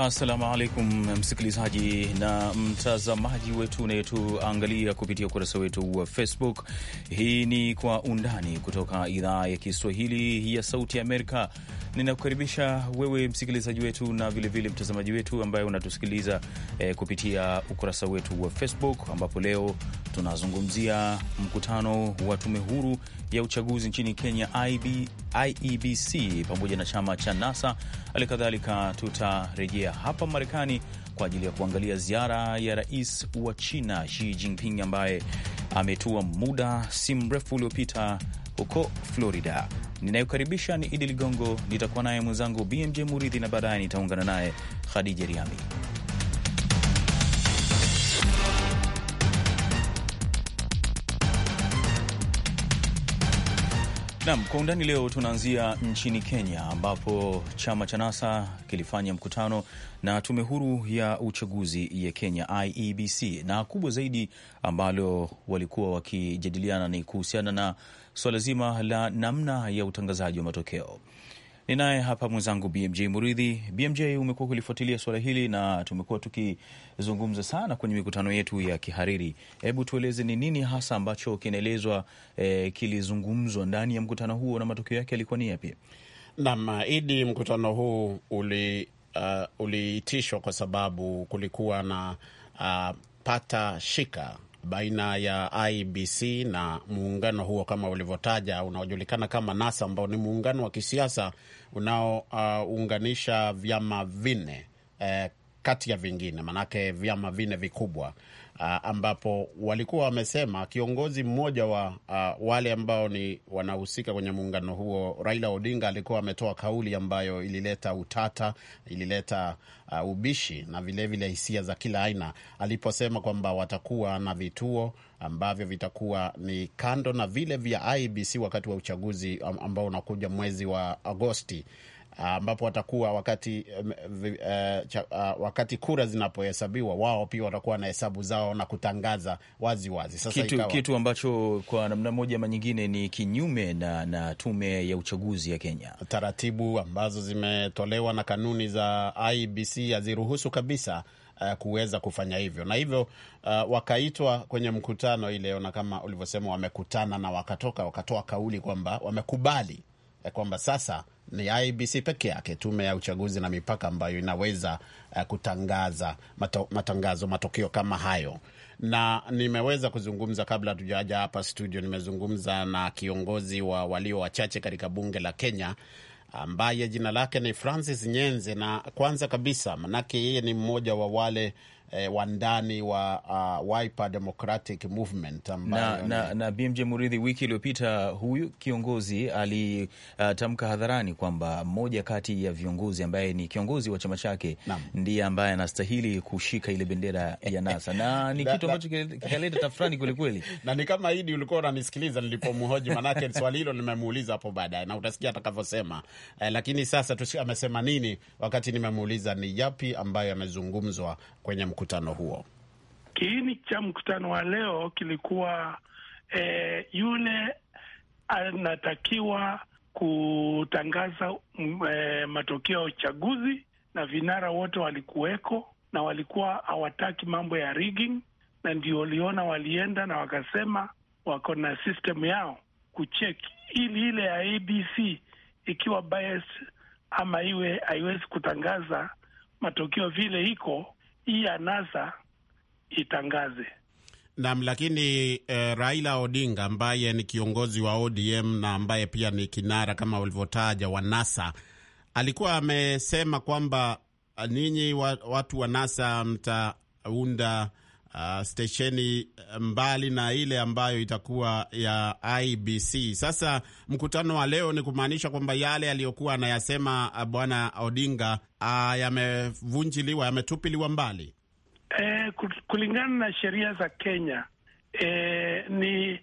Assalamu alaikum msikilizaji na mtazamaji wetu unayetuangalia kupitia ukurasa wetu wa Facebook. Hii ni Kwa Undani kutoka idhaa ya Kiswahili ya Sauti ya Amerika. Ninakukaribisha wewe msikilizaji wetu na vilevile mtazamaji wetu ambaye unatusikiliza eh, kupitia ukurasa wetu wa Facebook, ambapo leo tunazungumzia mkutano wa tume huru ya uchaguzi nchini Kenya IB, IEBC pamoja na chama cha NASA. Hali kadhalika tutarejea hapa Marekani kwa ajili ya kuangalia ziara ya rais wa China Xi Jinping ambaye ametua muda si mrefu uliopita huko Florida. Ninayokaribisha ni Idi Ligongo, nitakuwa naye mwenzangu BMJ Muridhi na baadaye nitaungana naye Khadija Riami. Nam kwa undani leo tunaanzia nchini Kenya ambapo chama cha NASA kilifanya mkutano na tume huru ya uchaguzi ya Kenya IEBC, na kubwa zaidi ambalo walikuwa wakijadiliana ni kuhusiana na suala zima la namna ya utangazaji wa matokeo. Ninaye hapa mwenzangu BMJ Muridhi. BMJ, umekuwa kulifuatilia suala hili na tumekuwa tukizungumza sana kwenye mikutano yetu ya kihariri. Hebu tueleze ni nini hasa ambacho kinaelezwa eh, kilizungumzwa ndani ya mkutano huo na matokeo yake yalikuwa ni yapi? Naam, Idi, mkutano huu uli uh, uliitishwa kwa sababu kulikuwa na uh, pata shika baina ya IBC na muungano huo kama ulivyotaja unaojulikana kama NASA ambao ni muungano wa kisiasa unaounganisha uh, vyama vinne eh, kati ya vingine, maanake vyama vinne vikubwa Uh, ambapo walikuwa wamesema kiongozi mmoja wa uh, wale ambao ni wanahusika kwenye muungano huo, Raila Odinga alikuwa ametoa kauli ambayo ilileta utata, ilileta uh, ubishi na vilevile vile hisia za kila aina, aliposema kwamba watakuwa na vituo ambavyo vitakuwa ni kando na vile vya IBC wakati wa uchaguzi ambao unakuja mwezi wa Agosti. Ah, ambapo watakuwa wakati, uh, uh, wakati kura zinapohesabiwa wao pia watakuwa na hesabu zao na kutangaza wazi wazi. Sasa kitu, kitu ambacho kwa namna moja ama nyingine ni kinyume na, na tume ya uchaguzi ya Kenya. Taratibu ambazo zimetolewa na kanuni za IBC haziruhusu kabisa Uh, kuweza kufanya hivyo na hivyo, uh, wakaitwa kwenye mkutano ileo, na kama ulivyosema, wamekutana na wakatoka wakatoa kauli kwamba wamekubali kwamba sasa ni IBC peke yake, tume ya uchaguzi na mipaka, ambayo inaweza uh, kutangaza mato, matangazo matokeo kama hayo na nimeweza kuzungumza kabla tujaja hapa studio, nimezungumza na kiongozi wa walio wachache katika bunge la Kenya ambaye jina lake ni Francis Nyenze. Na kwanza kabisa, manake yeye ni mmoja wa wale E, eh, wandani wa uh, Wiper Democratic Movement ambayo na, na, na BMJ Muridhi, wiki iliyopita huyu kiongozi alitamka uh, hadharani kwamba mmoja kati ya viongozi ambaye ni kiongozi wa chama chake ndiye ambaye anastahili kushika ile bendera ya NASA na ni kitu ambacho kikaleta tafrani kwelikweli, na ni kama hidi ulikuwa unanisikiliza nilipomhoji, manake swali hilo nimemuuliza hapo baadaye na utasikia atakavyosema eh, lakini sasa tusi, amesema nini wakati nimemuuliza ni yapi ambayo yamezungumzwa kwenye mkutano mkutano huo? Kiini cha mkutano wa leo kilikuwa e, yule anatakiwa kutangaza e, matokeo ya uchaguzi, na vinara wote walikuweko na walikuwa hawataki mambo ya rigging, na ndio waliona walienda na wakasema wako na system yao kucheck ili ile ya ABC ikiwa bias ama iwe haiwezi kutangaza matokeo vile iko hii ya NASA itangaze nam. Lakini eh, Raila Odinga ambaye ni kiongozi wa ODM na ambaye pia ni kinara kama walivyotaja wa NASA alikuwa amesema kwamba ninyi watu wa NASA mtaunda uh, stesheni eh, mbali na ile ambayo itakuwa ya IBC. Sasa mkutano wa leo ni kumaanisha kwamba yale aliyokuwa anayasema ah, bwana Odinga uh, yamevunjiliwa, yametupiliwa mbali. Eh, kulingana na sheria za Kenya eh, ni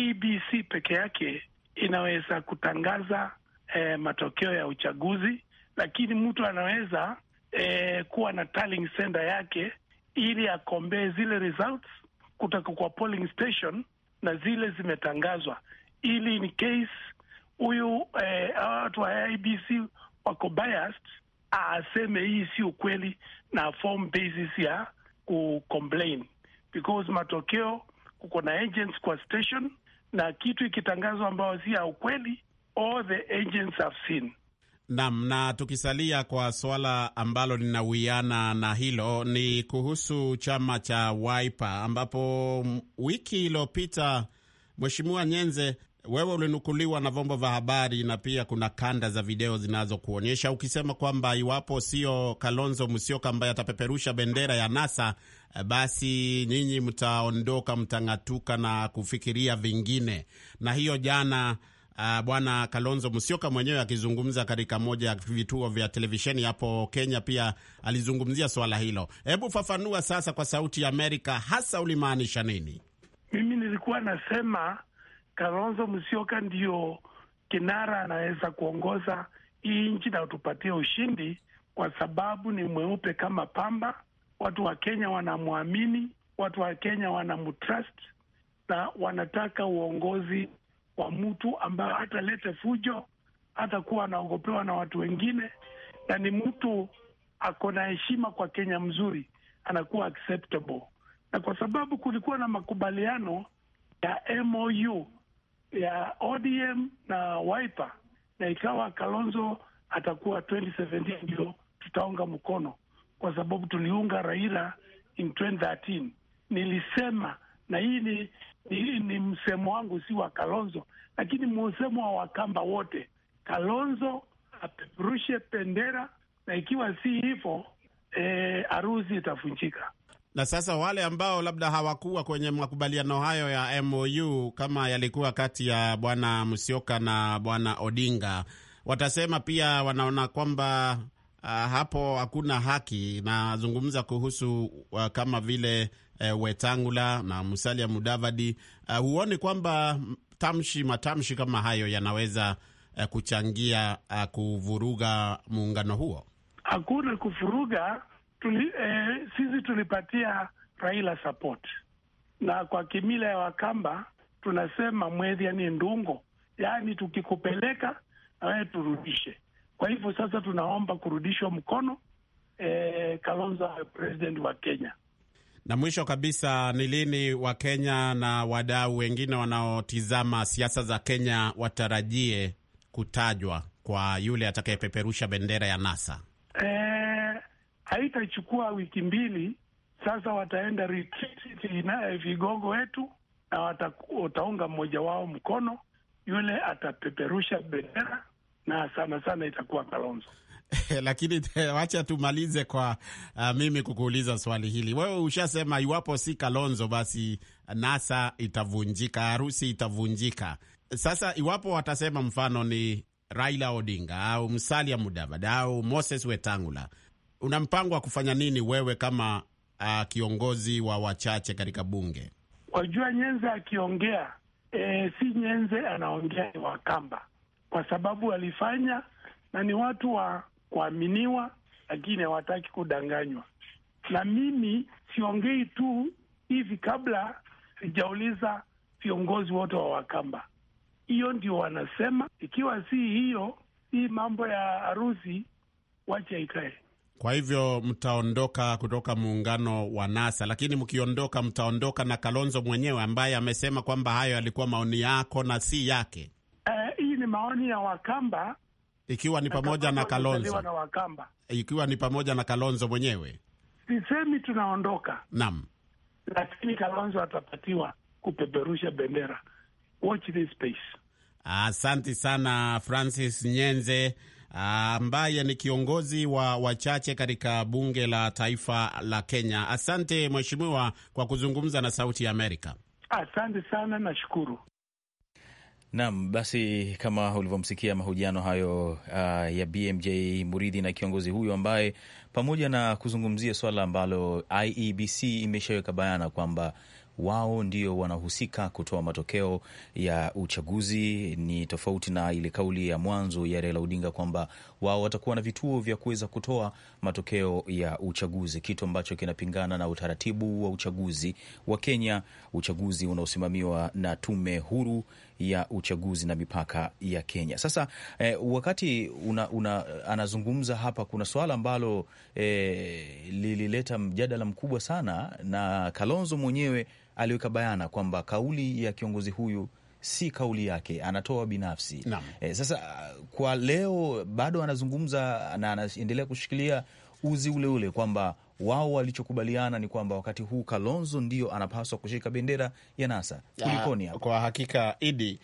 IBC peke yake inaweza kutangaza eh, matokeo ya uchaguzi, lakini mtu anaweza eh, kuwa na tallying center yake ili akombee zile results kutoka kwa polling station na zile zimetangazwa, ili in case huyu eh, watu wa IBC wako biased, aseme hii si ukweli na form basis ya ku complain because matokeo kuko na agents kwa station, na kitu ikitangazwa ambayo si ya ukweli all the agents have seen Naam, na tukisalia kwa suala ambalo linawiana na hilo ni kuhusu chama cha Wiper ambapo wiki iliyopita, Mheshimiwa Nyenze, wewe ulinukuliwa na vyombo vya habari na pia kuna kanda za video zinazokuonyesha ukisema kwamba iwapo sio Kalonzo Musyoka ambaye atapeperusha bendera ya NASA, basi nyinyi mtaondoka, mtang'atuka na kufikiria vingine. Na hiyo jana uh, bwana Kalonzo Musyoka mwenyewe akizungumza katika moja ya vituo vya televisheni hapo Kenya pia alizungumzia swala hilo. Hebu fafanua sasa kwa Sauti ya Amerika, hasa ulimaanisha nini? Mimi nilikuwa nasema Kalonzo Musyoka ndio kinara anaweza kuongoza hii nchi na utupatie ushindi, kwa sababu ni mweupe kama pamba. Watu wa Kenya wanamwamini, watu wa Kenya wanamtrust na wanataka uongozi kwa mtu ambaye hatalete fujo, hata kuwa anaogopewa na watu wengine, na ni mtu ako na heshima kwa Kenya mzuri, anakuwa acceptable. Na kwa sababu kulikuwa na makubaliano ya MOU ya ODM na Wiper, na ikawa Kalonzo atakuwa 2017 ndio tutaunga mkono, kwa sababu tuliunga Raila in 2013. Nilisema na hii ni hii ni msemo wangu, si wa Kalonzo, lakini msemo wa Wakamba wote. Kalonzo apeperushe bendera, na ikiwa si hivyo eh, harusi arusi itavunjika. Na sasa wale ambao labda hawakuwa kwenye makubaliano hayo ya MOU kama yalikuwa kati ya bwana Musyoka na bwana Odinga watasema pia, wanaona kwamba uh, hapo hakuna haki. Nazungumza kuhusu uh, kama vile uh, Wetangula na Musalia Mudavadi. Uh, huoni kwamba tamshi matamshi kama hayo yanaweza uh, kuchangia uh, kuvuruga muungano huo? Hakuna kuvuruga tuli, eh, sisi tulipatia Raila support na kwa kimila ya Wakamba tunasema mwezi yani ndungo, yaani tukikupeleka na wewe turudishe. Kwa hivyo sasa tunaomba kurudishwa mkono e, Kalonzo president wa Kenya. Na mwisho kabisa, ni lini Wakenya na wadau wengine wanaotizama siasa za Kenya watarajie kutajwa kwa yule atakayepeperusha bendera ya NASA? E, eh, haitachukua wiki mbili sasa, wataenda retreat vigogo wetu na wataunga mmoja wao mkono, yule atapeperusha bendera na sana sana itakuwa Kalonzo. Lakini wacha tumalize kwa uh, mimi kukuuliza swali hili. Wewe ushasema iwapo si Kalonzo basi NASA itavunjika, harusi itavunjika. Sasa iwapo watasema mfano ni Raila Odinga au Musalia Mudavadi au Moses Wetangula, una mpango wa kufanya nini wewe kama uh, kiongozi wa wachache katika bunge? Wajua, Nyenze akiongea e, si Nyenze anaongea, ni Wakamba kwa sababu walifanya na ni watu wa kuaminiwa, lakini hawataki kudanganywa. Na mimi siongei tu hivi kabla sijauliza viongozi wote wa Wakamba, hiyo ndio wanasema. Ikiwa si hiyo, hii mambo ya harusi wacha ikae. Kwa hivyo mtaondoka kutoka muungano wa NASA, lakini mkiondoka, mtaondoka na Kalonzo mwenyewe ambaye amesema kwamba hayo yalikuwa maoni yako na si yake maoni ya Wakamba ikiwa ni pamoja na Kalonzo na Wakamba ikiwa ni pamoja na Kalonzo mwenyewe. Sisemi tunaondoka, naam, lakini Kalonzo atapatiwa kupeperusha bendera. Watch this space. Asante sana Francis Nyenze ambaye ah, ni kiongozi wa wachache katika bunge la taifa la Kenya. Asante mheshimiwa, kwa kuzungumza na Sauti ya Amerika. Asante sana, nashukuru. Naam, basi kama ulivyomsikia mahojiano hayo uh, ya BMJ Muridhi na kiongozi huyo ambaye pamoja na kuzungumzia swala ambalo IEBC imeshaweka bayana kwamba wao ndio wanahusika kutoa matokeo ya uchaguzi, ni tofauti na ile kauli ya mwanzo ya Raila Odinga kwamba wao watakuwa na vituo vya kuweza kutoa matokeo ya uchaguzi, kitu ambacho kinapingana na utaratibu wa uchaguzi wa Kenya, uchaguzi unaosimamiwa na tume huru ya uchaguzi na mipaka ya Kenya. Sasa eh, wakati una, una, anazungumza hapa, kuna swala ambalo eh, lilileta mjadala mkubwa sana, na Kalonzo mwenyewe aliweka bayana kwamba kauli ya kiongozi huyu si kauli yake, anatoa binafsi. E, sasa kwa leo bado anazungumza na anaendelea kushikilia uzi ule ule kwamba wao walichokubaliana ni kwamba wakati huu Kalonzo ndio anapaswa kushika bendera ya NASA. Kulikoni hapo? Kwa hakika Idi,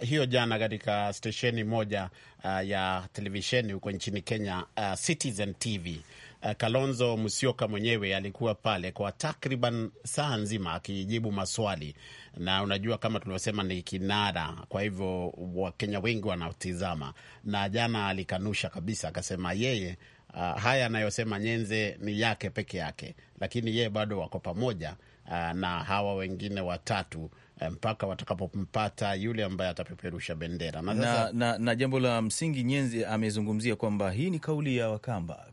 hiyo jana katika stesheni moja uh, ya televisheni huko nchini Kenya, uh, Citizen TV uh, Kalonzo Musyoka mwenyewe alikuwa pale kwa takriban saa nzima akijibu maswali, na unajua kama tulivyosema ni kinara, kwa hivyo Wakenya wengi wanatizama na jana alikanusha kabisa, akasema yeye uh, haya anayosema Nyenze ni yake peke yake, lakini yeye bado wako pamoja uh, na hawa wengine watatu eh, mpaka watakapompata yule ambaye atapeperusha bendera na, na, na, na jambo la msingi Nyenzi amezungumzia kwamba hii ni kauli ya Wakamba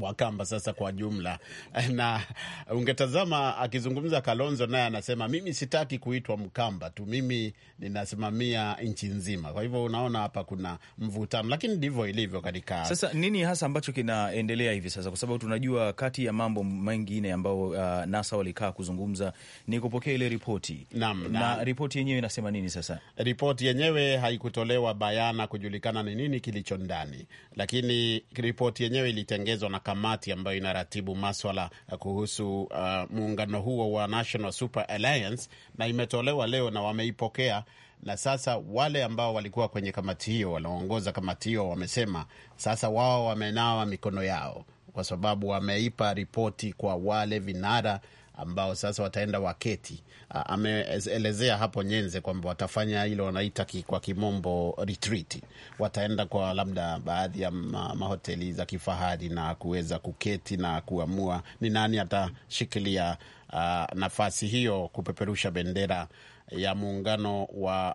Wakamba sasa kwa jumla, na ungetazama akizungumza Kalonzo, naye anasema mimi sitaki kuitwa Mkamba tu, mimi ninasimamia nchi nzima. Kwa hivyo unaona hapa kuna mvutano, lakini ndivyo ilivyo katika sasa. Nini hasa ambacho kinaendelea hivi sasa? Kwa sababu tunajua kati ya mambo mengine ambayo uh, NASA walikaa kuzungumza ni kupokea ile ripoti na, na ripoti yenyewe inasema nini? Sasa ripoti yenyewe haikutolewa bayana kujulikana ni nini kilicho ndani, lakini ripoti yenyewe ilitengezwa imepitishwa na kamati ambayo inaratibu maswala kuhusu uh, muungano huo wa National Super Alliance, na imetolewa leo na wameipokea na sasa wale ambao walikuwa kwenye kamati hiyo, wanaongoza kamati hiyo, wamesema sasa wao wamenawa mikono yao, kwa sababu wameipa ripoti kwa wale vinara ambao sasa wataenda waketi. Ah, ameelezea hapo Nyenze kwamba watafanya hilo wanaita kwa kimombo retreat, wataenda kwa labda baadhi ya mahoteli za kifahari na kuweza kuketi na kuamua ni nani atashikilia uh, nafasi hiyo kupeperusha bendera ya muungano wa,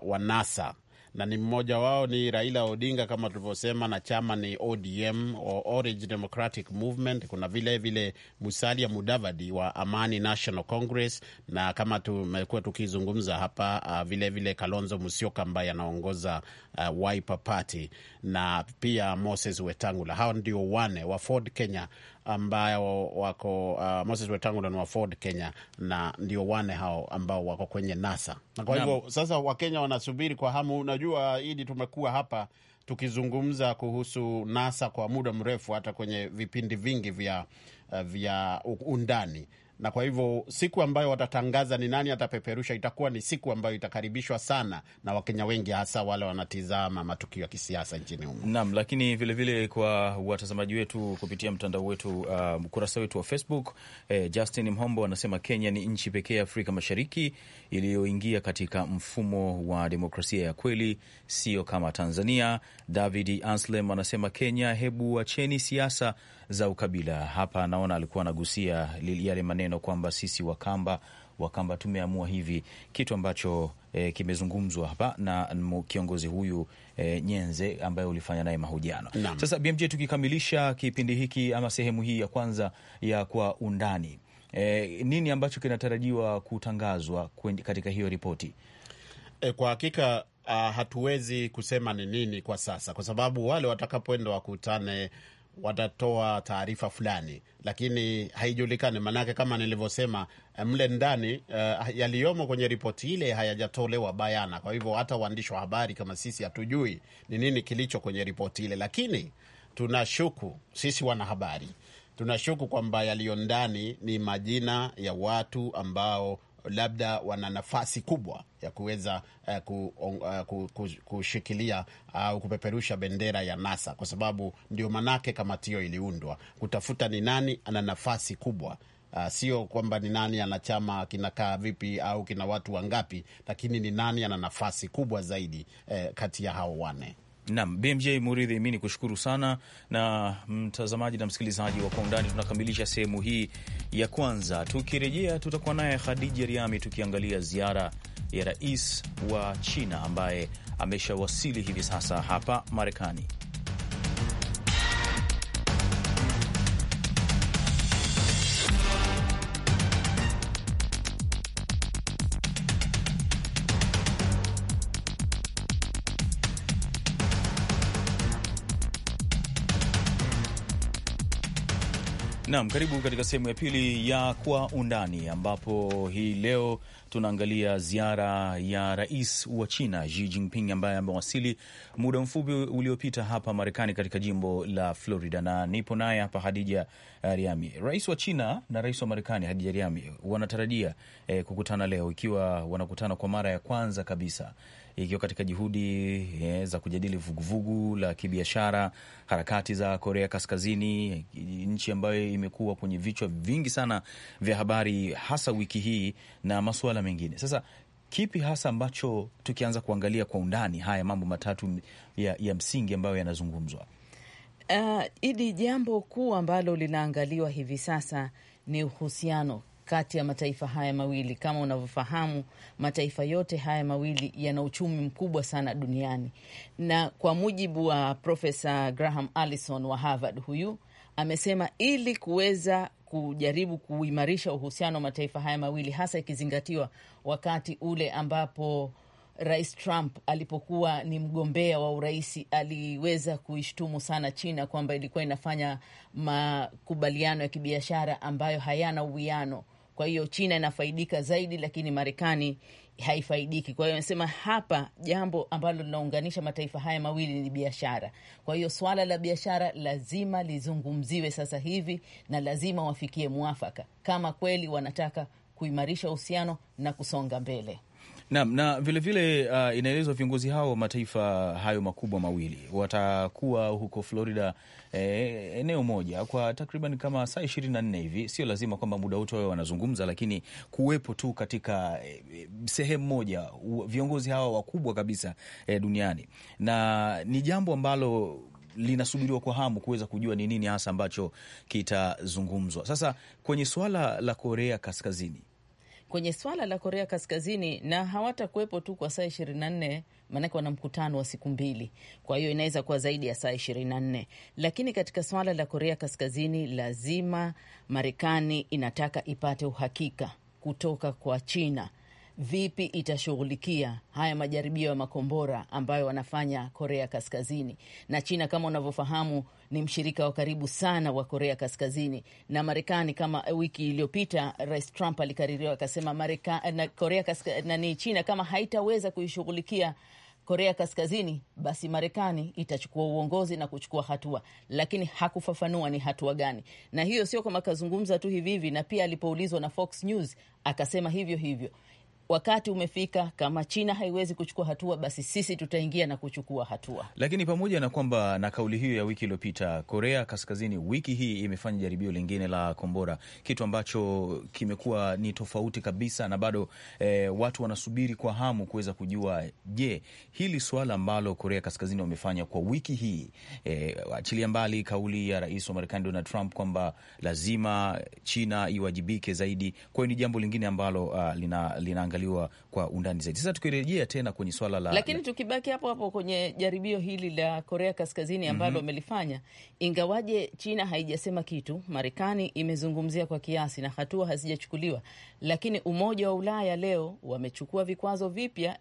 uh, wa NASA na ni mmoja wao ni Raila Odinga kama tulivyosema, na chama ni ODM, Orange Democratic Movement. Kuna vile vile Musalia Mudavadi wa Amani National Congress, na kama tumekuwa tukizungumza hapa uh, vile vile Kalonzo Musyoka ambaye anaongoza uh, Wiper Party na pia Moses Wetangula. Hao ndio wane wa Ford Kenya ambao wako uh, Moses Wetangula wa Ford Kenya, na ndio wane hao ambao wako kwenye NASA, na kwa hivyo sasa Wakenya wanasubiri kwa hamu. Unajua Idi, tumekuwa hapa tukizungumza kuhusu NASA kwa muda mrefu, hata kwenye vipindi vingi vya, uh, vya undani na kwa hivyo siku ambayo watatangaza ni nani atapeperusha itakuwa ni siku ambayo itakaribishwa sana na Wakenya wengi, hasa wale wanatizama matukio ya kisiasa nchini humo. Naam, lakini vilevile vile kwa watazamaji wetu kupitia mtandao wetu um, ukurasa uh, wetu wa Facebook eh, Justin Mhombo anasema Kenya ni nchi pekee ya Afrika Mashariki iliyoingia katika mfumo wa demokrasia ya kweli, sio kama Tanzania. David Anslem anasema Kenya, hebu wacheni siasa za ukabila. Hapa naona alikuwa anagusia yale maneno kwamba sisi Wakamba, Wakamba tumeamua hivi, kitu ambacho e, kimezungumzwa hapa na kiongozi huyu e, Nyenze ambaye ulifanya naye mahojiano. Sasa BMJ, tukikamilisha kipindi hiki ama sehemu hii ya kwanza ya kwa undani e, nini ambacho kinatarajiwa kutangazwa katika hiyo ripoti? E, kwa hakika Uh, hatuwezi kusema ni nini kwa sasa, kwa sababu wale watakapoenda wakutane watatoa taarifa fulani, lakini haijulikani. Maanake kama nilivyosema, eh, mle ndani uh, yaliyomo kwenye ripoti ile hayajatolewa bayana. Kwa hivyo hata waandishi wa habari kama sisi hatujui ni nini kilicho kwenye ripoti ile, lakini tunashuku sisi wanahabari tunashuku kwamba yaliyo ndani ni majina ya watu ambao labda wana nafasi kubwa ya kuweza uh, ku, uh, kushikilia eh, au uh, kupeperusha bendera ya NASA kwa sababu ndio manake kamati hiyo iliundwa kutafuta ni nani ana nafasi kubwa. Uh, sio kwamba ni nani ana chama kinakaa vipi au kina watu wangapi, lakini ni nani ana nafasi kubwa zaidi eh, kati ya hao wane. Nam BMJ Muridhi, mi ni kushukuru sana. Na mtazamaji na msikilizaji wa Kwa Undani, tunakamilisha sehemu hii ya kwanza. Tukirejea tutakuwa naye Khadija Riami tukiangalia ziara ya rais wa China ambaye ameshawasili hivi sasa hapa Marekani. Naam, karibu katika sehemu ya pili ya Kwa Undani, ambapo hii leo tunaangalia ziara ya rais wa China Xi Jinping ambaye amewasili muda mfupi uliopita hapa Marekani katika jimbo la Florida, na nipo naye hapa Hadija Riami. Rais wa China na rais wa Marekani Hadija Riami wanatarajia eh, kukutana leo, ikiwa wanakutana kwa mara ya kwanza kabisa ikiwa katika juhudi eh, za kujadili vuguvugu la kibiashara, harakati za Korea Kaskazini, nchi ambayo imekuwa kwenye vichwa vingi sana vya habari hasa wiki hii na masuala mengine. Sasa kipi hasa ambacho tukianza kuangalia kwa undani haya mambo matatu ya, ya msingi ambayo yanazungumzwa uh, jambo kuu ambalo linaangaliwa hivi sasa ni uhusiano kati ya mataifa haya mawili. Kama unavyofahamu, mataifa yote haya mawili yana uchumi mkubwa sana duniani, na kwa mujibu wa Profesa Graham Allison wa Harvard, huyu amesema ili kuweza kujaribu kuimarisha uhusiano wa mataifa haya mawili hasa ikizingatiwa wakati ule ambapo Rais Trump alipokuwa ni mgombea wa uraisi aliweza kuishtumu sana China kwamba ilikuwa inafanya makubaliano ya kibiashara ambayo hayana uwiano kwa hiyo China inafaidika zaidi, lakini Marekani haifaidiki. Kwa hiyo anasema hapa jambo ambalo linaunganisha mataifa haya mawili ni biashara. Kwa hiyo swala la biashara lazima lizungumziwe sasa hivi na lazima wafikie mwafaka kama kweli wanataka kuimarisha uhusiano na kusonga mbele. Naam, na vilevile vile, uh, inaelezwa viongozi hao wa mataifa hayo makubwa mawili watakuwa huko Florida eh, eneo moja kwa takriban kama saa ishirini na nne hivi. Sio lazima kwamba muda wote wawe wanazungumza, lakini kuwepo tu katika eh, sehemu moja viongozi hawa wakubwa kabisa eh, duniani, na ni jambo ambalo linasubiriwa kwa hamu kuweza kujua ni nini hasa ambacho kitazungumzwa. Sasa kwenye suala la Korea Kaskazini kwenye swala la Korea Kaskazini, na hawatakuwepo tu kwa saa ishirini na nne maanake wana mkutano wa siku mbili, kwa hiyo inaweza kuwa zaidi ya saa ishirini na nne Lakini katika swala la Korea Kaskazini, lazima Marekani inataka ipate uhakika kutoka kwa China vipi itashughulikia haya majaribio ya makombora ambayo wanafanya Korea Kaskazini. Na China kama unavyofahamu ni mshirika wa karibu sana wa Korea Kaskazini na Marekani. Kama wiki iliyopita Rais Trump alikaririwa akasema Marekani, Korea Kaskazini na ni China kama haitaweza kuishughulikia Korea Kaskazini basi Marekani itachukua uongozi na kuchukua hatua, lakini hakufafanua ni hatua gani. Na hiyo sio kama akazungumza tu hivi hivi, na pia alipoulizwa na Fox News akasema hivyo hivyo wakati umefika. Kama China haiwezi kuchukua hatua, basi sisi tutaingia na kuchukua hatua. Lakini pamoja na kwamba na kauli hiyo ya wiki iliyopita, Korea Kaskazini wiki hii imefanya jaribio lingine la kombora, kitu ambacho kimekuwa ni tofauti kabisa, na bado eh, watu wanasubiri kwa hamu kuweza kujua, je, hili suala ambalo Korea Kaskazini wamefanya kwa wiki hii eh, achilia mbali kauli ya rais wa Marekani Donald Trump kwamba lazima China iwajibike zaidi. Kwa hiyo ni jambo lingine ambalo uh, lina, lina kuangaliwa kwa undani zaidi. Sasa tukirejea tena kwenye swala la, lakini la... tukibaki hapo hapo kwenye jaribio hili la Korea Kaskazini ambalo wamelifanya, mhm. mm -hmm. ingawaje China haijasema kitu, Marekani imezungumzia kwa kiasi na hatua hazijachukuliwa, lakini Umoja wa Ulaya leo wamechukua vikwazo vipya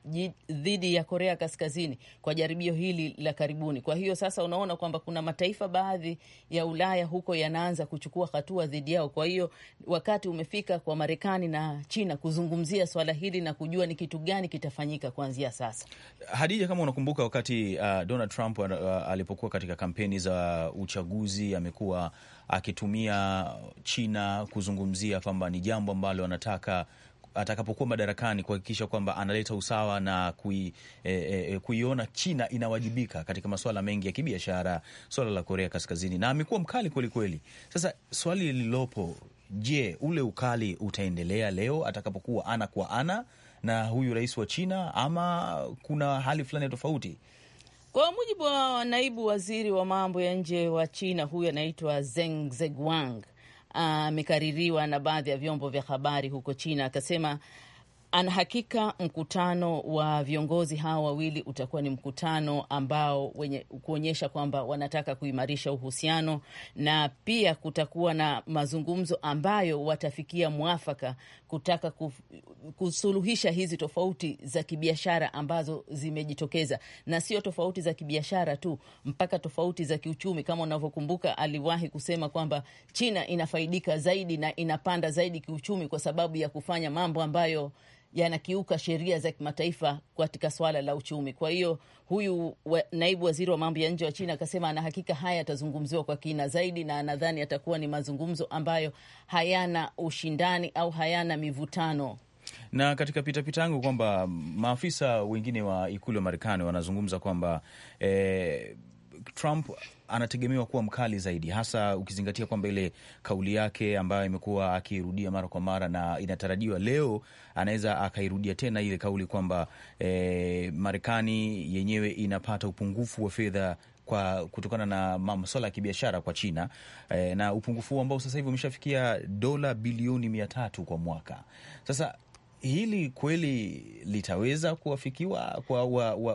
dhidi ya Korea Kaskazini kwa jaribio hili la karibuni. Kwa hiyo sasa unaona kwamba kuna mataifa baadhi ya Ulaya huko yanaanza kuchukua hatua dhidi yao. Kwa hiyo wakati umefika kwa Marekani na China kuzungumzia swala hili hili na kujua ni kitu gani kitafanyika kuanzia sasa. Hadija, kama unakumbuka wakati uh, Donald Trump uh, alipokuwa katika kampeni za uchaguzi amekuwa akitumia China kuzungumzia kwamba ni jambo ambalo anataka atakapokuwa madarakani kuhakikisha kwamba analeta usawa na kui, e, e, e kuiona China inawajibika katika masuala mengi ya kibiashara, swala la Korea Kaskazini, na amekuwa mkali kwelikweli. Sasa swali lililopo Je, ule ukali utaendelea leo atakapokuwa ana kwa ana na huyu rais wa China ama kuna hali fulani ya tofauti? Kwa mujibu wa naibu waziri wa mambo ya nje wa China, huyu anaitwa Zeng Zeguang, amekaririwa na baadhi ya vyombo vya habari huko China, akasema ana hakika mkutano wa viongozi hawa wawili utakuwa ni mkutano ambao wenye kuonyesha kwamba wanataka kuimarisha uhusiano na pia kutakuwa na mazungumzo ambayo watafikia mwafaka kutaka kusuluhisha hizi tofauti za kibiashara ambazo zimejitokeza, na sio tofauti za kibiashara tu, mpaka tofauti za kiuchumi. Kama unavyokumbuka, aliwahi kusema kwamba China inafaidika zaidi na inapanda zaidi kiuchumi kwa sababu ya kufanya mambo ambayo yanakiuka sheria za kimataifa katika swala la uchumi. Kwa hiyo huyu wa, naibu waziri wa mambo ya nje wa China akasema ana hakika haya yatazungumziwa kwa kina zaidi, na anadhani yatakuwa ni mazungumzo ambayo hayana ushindani au hayana mivutano na katika pitapita yangu kwamba maafisa wengine wa ikulu ya Marekani wanazungumza kwamba eh, Trump anategemewa kuwa mkali zaidi, hasa ukizingatia kwamba ile kauli yake ambayo imekuwa akiirudia mara kwa mara, na inatarajiwa leo anaweza akairudia tena ile kauli kwamba e, Marekani yenyewe inapata upungufu wa fedha kwa kutokana na masuala ya kibiashara kwa China e, na upungufu ambao sasa hivi umeshafikia dola bilioni mia tatu kwa mwaka. Sasa hili kweli litaweza kuwafikiwa kwa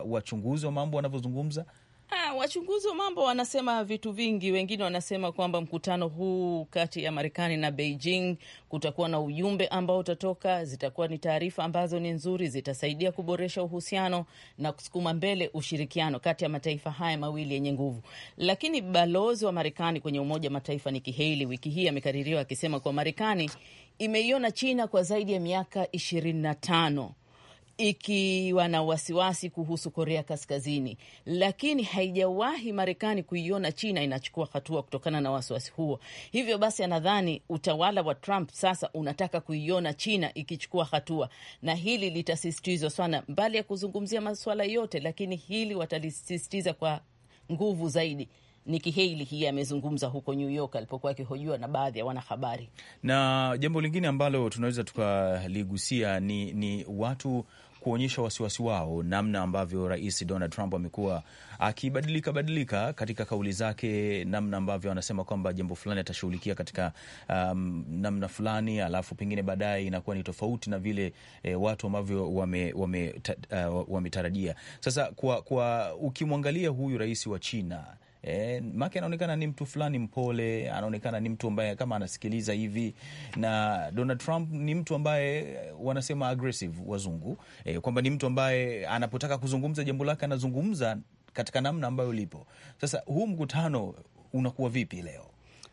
wachunguzi wa, wa, wa mambo wanavyozungumza? Ha, ah, wachunguzi wa mambo wanasema vitu vingi. Wengine wanasema kwamba mkutano huu kati ya Marekani na Beijing kutakuwa na ujumbe ambao utatoka, zitakuwa ni taarifa ambazo ni nzuri, zitasaidia kuboresha uhusiano na kusukuma mbele ushirikiano kati ya mataifa haya mawili yenye nguvu. Lakini balozi wa Marekani kwenye Umoja wa Mataifa Nikki Haley wiki hii amekaririwa akisema kuwa Marekani imeiona China kwa zaidi ya miaka ishirini na tano ikiwa na wasiwasi kuhusu Korea Kaskazini, lakini haijawahi Marekani kuiona China inachukua hatua kutokana na wasiwasi huo. Hivyo basi, anadhani utawala wa Trump sasa unataka kuiona China ikichukua hatua, na hili litasisitizwa sana, mbali ya kuzungumzia masuala yote, lakini hili watalisisitiza kwa nguvu zaidi. Nikki Haley hii amezungumza huko New York alipokuwa akihojiwa na baadhi ya wanahabari. Na jambo lingine ambalo tunaweza tukaligusia ni, ni watu kuonyesha wasiwasi wao namna ambavyo Rais Donald Trump amekuwa akibadilika badilika katika kauli zake, namna ambavyo anasema kwamba jambo fulani atashughulikia katika um, namna fulani, alafu pengine baadaye inakuwa ni tofauti na vile e, watu ambavyo uh, wametarajia wame, uh, wame sasa kwa, kwa ukimwangalia huyu rais wa China E, make anaonekana ni mtu fulani mpole, anaonekana ni mtu ambaye kama anasikiliza hivi, na Donald Trump ni mtu ambaye eh, wanasema aggressive wazungu, e, kwamba ni mtu ambaye anapotaka kuzungumza jambo lake anazungumza katika namna ambayo lipo. Sasa huu mkutano unakuwa vipi leo?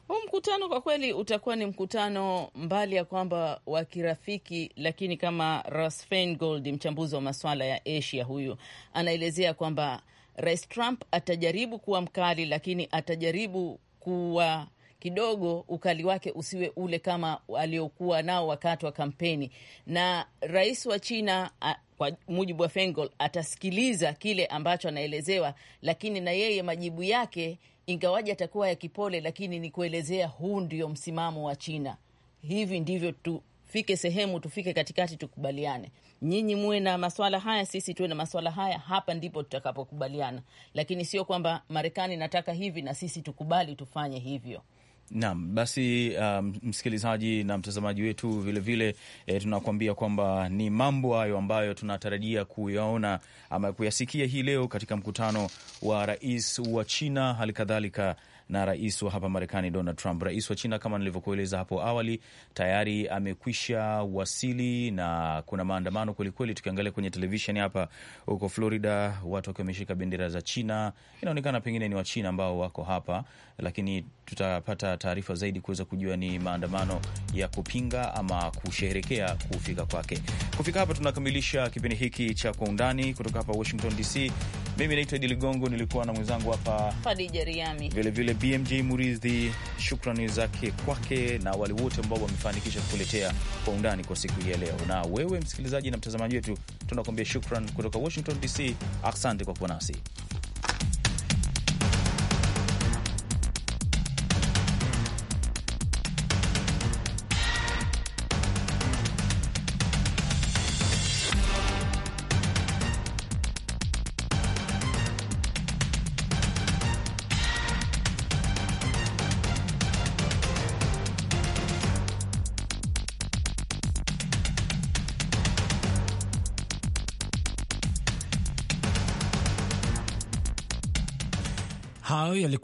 Huu mkutano kwa kweli utakuwa ni mkutano mbali ya kwamba wa kirafiki, lakini kama Ras Feingold, mchambuzi wa masuala ya Asia, huyu anaelezea kwamba Rais Trump atajaribu kuwa mkali, lakini atajaribu kuwa kidogo ukali wake usiwe ule kama aliokuwa nao wakati wa kampeni. Na rais wa China a, kwa mujibu wa Fengol atasikiliza kile ambacho anaelezewa, lakini na yeye majibu yake ingawaji atakuwa ya kipole, lakini ni kuelezea huu ndio msimamo wa China, hivi ndivyo tu tufike sehemu, tufike katikati, tukubaliane. Nyinyi muwe na maswala haya, sisi tuwe na maswala haya, hapa ndipo tutakapokubaliana, lakini sio kwamba Marekani nataka hivi na sisi tukubali tufanye hivyo. Naam, basi um, msikilizaji na mtazamaji wetu vilevile vile, e, tunakuambia kwamba ni mambo hayo ambayo tunatarajia kuyaona ama kuyasikia hii leo katika mkutano wa rais wa China, hali kadhalika na rais wa hapa Marekani Donald Trump. Rais wa China kama nilivyokueleza hapo awali tayari amekwisha wasili na kuna maandamano kwelikweli. Tukiangalia kwenye televisheni hapa huko Florida, watu wakiwa wameshika bendera za China, inaonekana pengine ni Wachina ambao wako hapa, lakini tutapata taarifa zaidi kuweza kujua ni maandamano ya kupinga ama kusheherekea kufika kwake. Kufika hapa tunakamilisha kipindi hiki cha Kwa Undani kutoka hapa Washington DC. Mimi naitwa Idi Ligongo, nilikuwa na mwenzangu hapa Hadija Riami, vilevile BMJ Muridhi. Shukrani zake kwake na wale wote ambao wamefanikisha kukuletea kwa undani kwa siku hii ya leo. Na wewe msikilizaji na mtazamaji wetu, tunakuambia shukran kutoka Washington DC. Asante kwa kuwa nasi.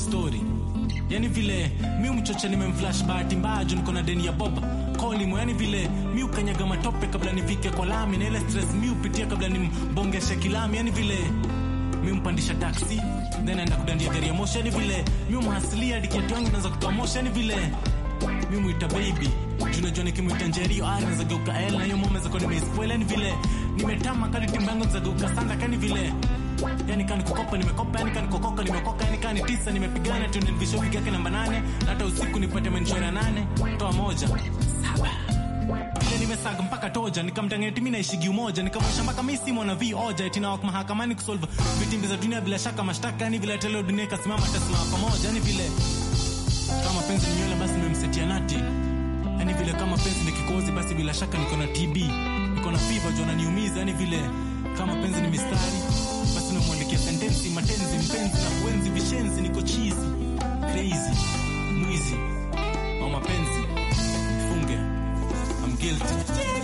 story. Yani vile mi mchocha nimemflash bahati mbaya juu niko na deni ya boba kolimo. Yani vile mi ukanyaga matope kabla nifike kwa lami, na ile stress mi upitia kabla nimbongeshe kilami. Yani vile mi mpandisha taksi then aenda kudandia gari ya moshi. Yani vile mi umhasilia dikiatu yangu naweza kutoa moshi. Yani vile mi mwita baby tunajua nikimwita njerio ari ah, nazageuka l na hiyo momezako nimeispoil. Yani vile nimetama kali timbangu yangu nazageuka sanda kani vile yani kani kukopa nimekopa yani kani kokoka nimekoka yani kani tisa nimepigana tu ni nilivishofika yake namba nane hata usiku nipate manjoro ya nane toa moja saba nimesaga mpaka toja timi mimi naishigi umoja nikamwisha mpaka mimi si na vioja eti nawak mahakamani kusolve vitimbi za dunia bila shaka mashtaka yani vile tele dunia ikasimama tasimama pamoja yani vile kama penzi ni nywele basi nimemsetia nati yani vile kama penzi ni kikozi basi bila shaka niko na TB niko na fever jona niumiza yani vile kama penzi ni mistari ya sentensi, matenzi, mpenzi na kuenzi, vishenzi, niko chizi, crazy, mwizi wa mapenzi, mfunge, I'm guilty